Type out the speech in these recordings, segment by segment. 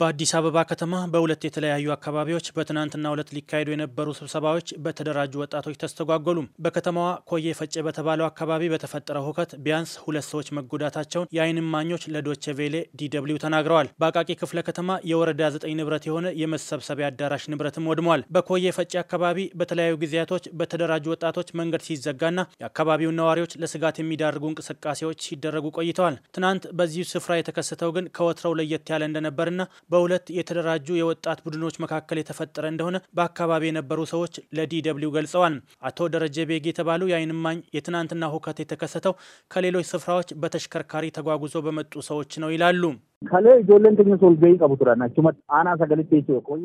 በአዲስ አበባ ከተማ በሁለት የተለያዩ አካባቢዎች በትናንትና ሁለት ሊካሄዱ የነበሩ ስብሰባዎች በተደራጁ ወጣቶች ተስተጓጎሉ። በከተማዋ ኮዬ ፈጬ በተባለው አካባቢ በተፈጠረው ሁከት ቢያንስ ሁለት ሰዎች መጎዳታቸውን የዓይን እማኞች ለዶቼ ቬሌ ዲደብሊው ተናግረዋል። በአቃቂ ክፍለ ከተማ የወረዳ ዘጠኝ ንብረት የሆነ የመሰብሰቢያ አዳራሽ ንብረትም ወድሟል። በኮዬ ፈጬ አካባቢ በተለያዩ ጊዜያቶች በተደራጁ ወጣቶች መንገድ ሲዘጋና የአካባቢውን ነዋሪዎች ለስጋት የሚዳርጉ እንቅስቃሴዎች ሲደረጉ ቆይተዋል። ትናንት በዚሁ ስፍራ የተከሰተው ግን ከወትረው ለየት ያለ እንደነበርና በሁለት የተደራጁ የወጣት ቡድኖች መካከል የተፈጠረ እንደሆነ በአካባቢ የነበሩ ሰዎች ለዲደብሊው ገልጸዋል። አቶ ደረጀ ቤጌ የተባሉ የአይንማኝ የትናንትና ሁከት የተከሰተው ከሌሎች ስፍራዎች በተሽከርካሪ ተጓጉዞ በመጡ ሰዎች ነው ይላሉ።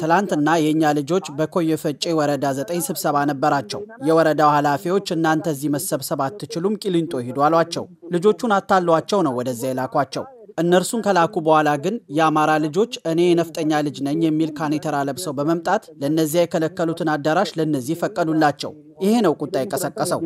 ትላንትና የእኛ ልጆች በኮየ ፈጬ ወረዳ ዘጠኝ ስብሰባ ነበራቸው። የወረዳው ኃላፊዎች እናንተ እዚህ መሰብሰብ አትችሉም፣ ቂሊንጦ ሂዱ አሏቸው። ልጆቹን አታሏቸው ነው ወደዚያ የላኳቸው። እነርሱን ከላኩ በኋላ ግን የአማራ ልጆች እኔ የነፍጠኛ ልጅ ነኝ የሚል ካኔተራ ለብሰው በመምጣት ለእነዚያ የከለከሉትን አዳራሽ ለእነዚህ ፈቀዱላቸው። ይሄ ነው ቁጣ የቀሰቀሰው።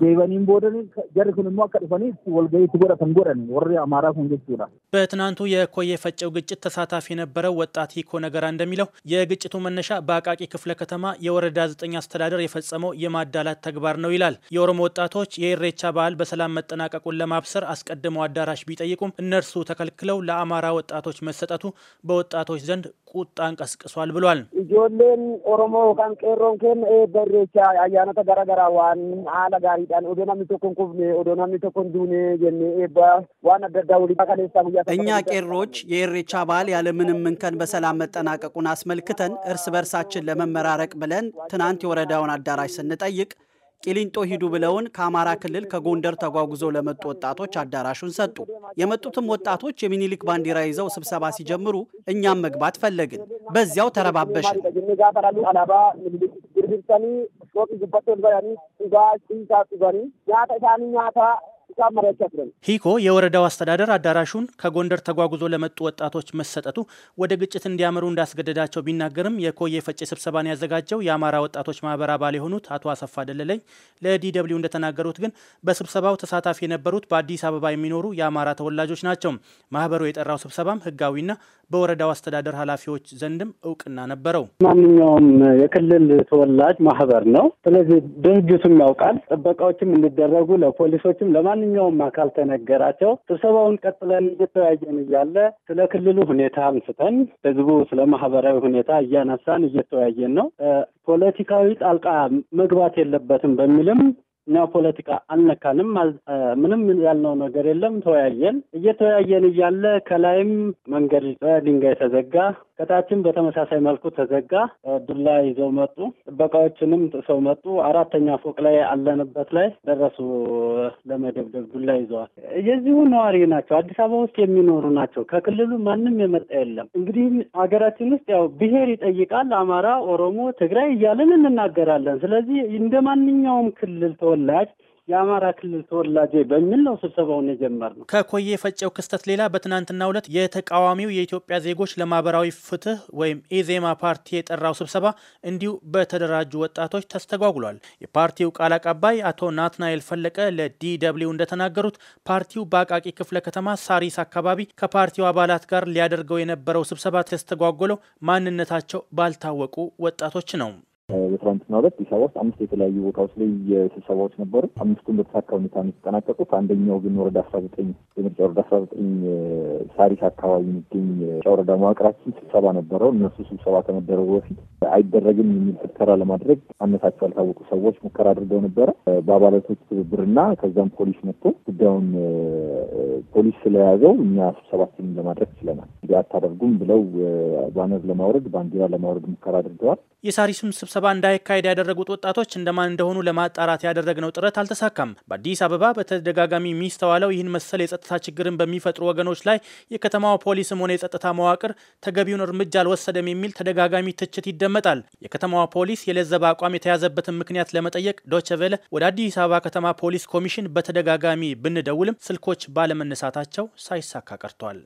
deebaniin boodan jarri ሞ immoo akka dhufanii walgayiitti ወሪ አማራ warri amaaraa በትናንቱ የኮየ ፈጨው ግጭት ተሳታፊ የነበረው ወጣት ሂኮ ነገራ እንደሚለው የግጭቱ መነሻ በአቃቂ ክፍለ ከተማ የወረዳ ዘጠኝ አስተዳደር የፈጸመው የማዳላት ተግባር ነው ይላል። የኦሮሞ ወጣቶች የኢሬቻ በዓል በሰላም መጠናቀቁን ለማብሰር አስቀድመው አዳራሽ ቢጠይቁም እነርሱ ተከልክለው ለአማራ ወጣቶች መሰጠቱ በወጣቶች ዘንድ ቁጣ እንቀስቅሷል ብሏል። ኢጆሌን ኦሮሞ ካንቄሮን ኬን በሬቻ አያነተ ገረገራ ዋን አለጋ gaariidhaan odoo namni tokko hin kufne odoo namni tokko hin duune jennee eebba waan adda addaa waliin kaleessaa guyyaa እኛ ቄሮች የኢሬቻ በዓል ያለምንም እንከን በሰላም መጠናቀቁን አስመልክተን እርስ በርሳችን ለመመራረቅ ብለን ትናንት የወረዳውን አዳራሽ ስንጠይቅ ቂሊንጦ ሂዱ ብለውን ከአማራ ክልል ከጎንደር ተጓጉዞ ለመጡ ወጣቶች አዳራሹን ሰጡ። የመጡትም ወጣቶች የሚኒሊክ ባንዲራ ይዘው ስብሰባ ሲጀምሩ እኛም መግባት ፈለግን። በዚያው ተረባበሽን። Wantoonni dubbattoonni baranii dhugaa, cimsaa dhuganii nyaata isaanii nyaataa ሂኮ የወረዳው አስተዳደር አዳራሹን ከጎንደር ተጓጉዞ ለመጡ ወጣቶች መሰጠቱ ወደ ግጭት እንዲያመሩ እንዳስገደዳቸው ቢናገርም የኮየ ፈጬ ስብሰባን ያዘጋጀው የአማራ ወጣቶች ማህበር አባል የሆኑት አቶ አሰፋ ደለለኝ ለዲደብሊው እንደተናገሩት ግን በስብሰባው ተሳታፊ የነበሩት በአዲስ አበባ የሚኖሩ የአማራ ተወላጆች ናቸው። ማህበሩ የጠራው ስብሰባም ህጋዊና በወረዳው አስተዳደር ኃላፊዎች ዘንድም እውቅና ነበረው። ማንኛውም የክልል ተወላጅ ማህበር ነው። ስለዚህ ድርጅቱም ያውቃል። ጥበቃዎችም እንዲደረጉ ለፖሊሶችም ለማን ማንኛውም አካል ተነገራቸው። ስብሰባውን ቀጥለን እየተወያየን እያለ ስለ ክልሉ ሁኔታ አንስተን ህዝቡ ስለ ማህበራዊ ሁኔታ እያነሳን እየተወያየን ነው። ፖለቲካዊ ጣልቃ መግባት የለበትም በሚልም እኛ ፖለቲካ አልነካንም። ምንም ያልነው ነገር የለም። ተወያየን። እየተወያየን እያለ ከላይም መንገድ ድንጋይ ተዘጋ። ከታችም በተመሳሳይ መልኩ ተዘጋ። ዱላ ይዘው መጡ። ጥበቃዎችንም ጥሰው መጡ። አራተኛ ፎቅ ላይ አለንበት ላይ ደረሱ። ለመደብደብ ዱላ ይዘዋል። የዚሁ ነዋሪ ናቸው። አዲስ አበባ ውስጥ የሚኖሩ ናቸው። ከክልሉ ማንም የመጣ የለም። እንግዲህ ሀገራችን ውስጥ ያው ብሔር ይጠይቃል። አማራ፣ ኦሮሞ፣ ትግራይ እያልን እንናገራለን። ስለዚህ እንደ ማንኛውም ክልል ተወላጅ የአማራ ክልል ተወላጅ በሚል ነው ስብሰባውን የጀመርነው። ከኮዬ ፈጨው ክስተት ሌላ በትናንትናው ዕለት የተቃዋሚው የኢትዮጵያ ዜጎች ለማህበራዊ ፍትህ ወይም ኢዜማ ፓርቲ የጠራው ስብሰባ እንዲሁ በተደራጁ ወጣቶች ተስተጓጉሏል። የፓርቲው ቃል አቀባይ አቶ ናትናኤል ፈለቀ ለዲ ደብሊው እንደተናገሩት ፓርቲው በአቃቂ ክፍለ ከተማ ሳሪስ አካባቢ ከፓርቲው አባላት ጋር ሊያደርገው የነበረው ስብሰባ ተስተጓጎለው ማንነታቸው ባልታወቁ ወጣቶች ነው። በትናንትና ሁለት አዲስ አበባ ውስጥ አምስት የተለያዩ ቦታዎች ላይ የስብሰባዎች ነበሩ። አምስቱን በተሳካ ሁኔታ ነው የተጠናቀቁት። አንደኛው ግን ወረዳ አስራ ዘጠኝ የምርጫ ወረዳ አስራ ዘጠኝ ሳሪስ አካባቢ የሚገኝ ጫ ወረዳ መዋቅራችን ስብሰባ ነበረው። እነሱ ስብሰባ ከመደረጉ በፊት አይደረግም የሚል ፍተራ ለማድረግ አነሳቸው ያልታወቁ ሰዎች ሙከራ አድርገው ነበረ። በአባላቶች ትብብርና ከዛም ፖሊስ መጥቶ ጉዳዩን ፖሊስ ስለያዘው እኛ ስብሰባችንን ለማድረግ ችለናል። አታደርጉም ብለው ባነር ለማውረድ ባንዲራ ለማውረድ ሙከራ አድርገዋል። የሳሪሱም ስብሰ ስብሰባ እንዳይካሄድ ያደረጉት ወጣቶች እንደማን እንደሆኑ ለማጣራት ያደረግነው ጥረት አልተሳካም። በአዲስ አበባ በተደጋጋሚ የሚስተዋለው ይህን መሰል የጸጥታ ችግርን በሚፈጥሩ ወገኖች ላይ የከተማው ፖሊስም ሆነ የጸጥታ መዋቅር ተገቢውን እርምጃ አልወሰደም የሚል ተደጋጋሚ ትችት ይደመጣል። የከተማዋ ፖሊስ የለዘበ አቋም የተያዘበትን ምክንያት ለመጠየቅ ዶቸ ቬለ ወደ አዲስ አበባ ከተማ ፖሊስ ኮሚሽን በተደጋጋሚ ብንደውልም ስልኮች ባለመነሳታቸው ሳይሳካ ቀርቷል።